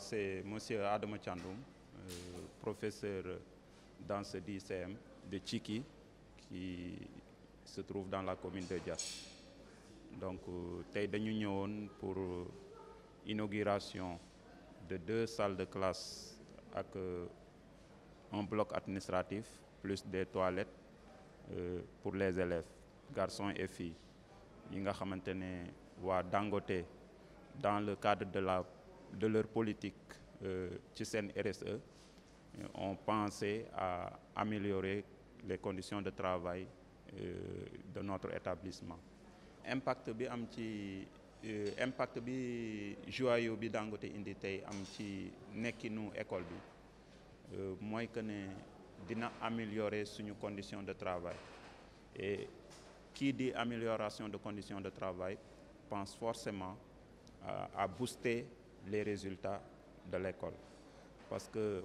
c'est M. Adam Tchandoum, euh, professeur dans ce DCM de Chiki, qui se trouve dans la commune de Dias. Donc, nous euh, union pour euh, inauguration de deux salles de classe avec un bloc administratif, plus des toilettes pour les élèves, garçons et filles. Nous avons dans le cadre de la de leur politique euh, ci RSE e, ont pensé à améliorer les conditions de travail euh, de notre établissement impact bi am ci euh, impact bi joyeux bi Dangote indi tay am ci nu école bi moy que ne dina améliorer suñu conditions de travail et qui dit amélioration de conditions de travail pense forcément à booster les résultats de l'école parce que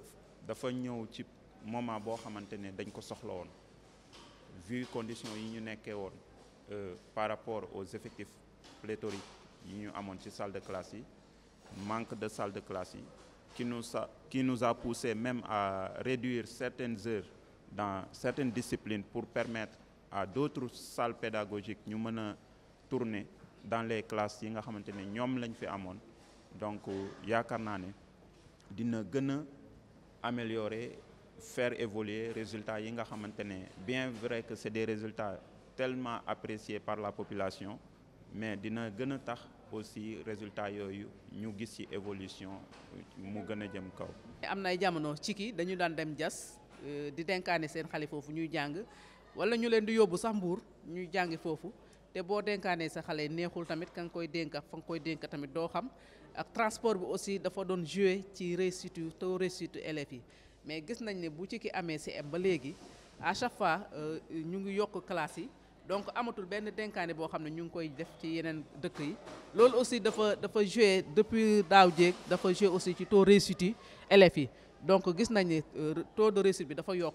nous avons ci moment dañ ko vu conditions que nous avons euh, par rapport aux effectifs pléthoriques yi ñu dans ci salle de classe manque de salle de classe qui nous a qui nous a poussé même à réduire certaines heures dans certaines disciplines pour permettre à d'autres salles pédagogiques de tourner dans les classes que nga avons donc euh, yaakaar ne dina gëna améliorer faire évoluer résultats yi nga xamantene bien vrai que c'est des résultats tellement appréciés par la population mais dina gëna tax aussi résultats yoyu ñu gis ci évolution mu gëna jëm kaw. amna ay jamono ci ki dañu daan dem jass euh, di denkaane seen xale fofu ñuy jàng wala ñu leen di yobbu sax mbuur ñuy jàngi fofu té bo denkaanee sa xalé neexul tamit ka koy dénk fa koy dénk tamit do xam. ak transport bi aussi dafa doon joué ci réussite taux réussite élèves yi mais gis nañ ne bu ci ki amee CM ba léegi à chaque fois euh, ñu ngi yokk classe yi donc amatul benn dénkaane boo xam ne ñu ngi koy def ci yeneen dëkk yi loolu aussi dafa dafa joué depuis daaw jéeg dafa joué aussi ci taux réussite yi élèves yi donc gis nañ ne euh, taux de réussite bi dafa yokk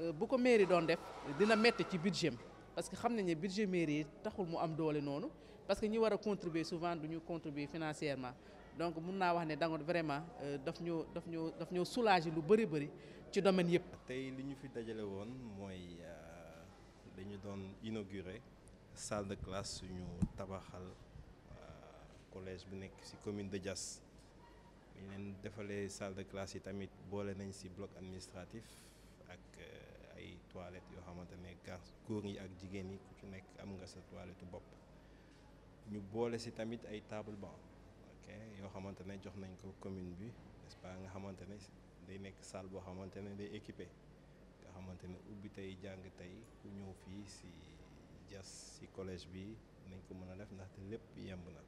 Euh, bu ko mairie doon def dina metti ci budget parce que xam nañ ne budget mairie yi taxul mu am doole noonu parce que ñi war a contribuer souvent du ñu contribuer financièrement donc mun naa wax ne dango vraiment euh, daf ñu daf ñu daf ñu soulager lu bëri bëri ci domaine yëpp. tey li ñu fi dajale woon mooy euh, dañu doon inaugurer salle de classe suñu tabaxal collège bu nekk ci commune de Diass ñu leen defalee salle de classe yi tamit boole nañ ci bloc administratif ak. toilette yoo xamante ne gans góor yi ak jigéen yi ku ci nekk am nga sa toilette bopp ñu boole si tamit ay table banc ok yoo xamante ne jox nañ ko commune bi n'est-ce nga xamante ne day nekk salle boo xamante ne day équiper nga xamante ne ubbi tey jàng tey ku ñëw fii si jas si collège bi nañ ko mën a def ndaxte lépp yemb na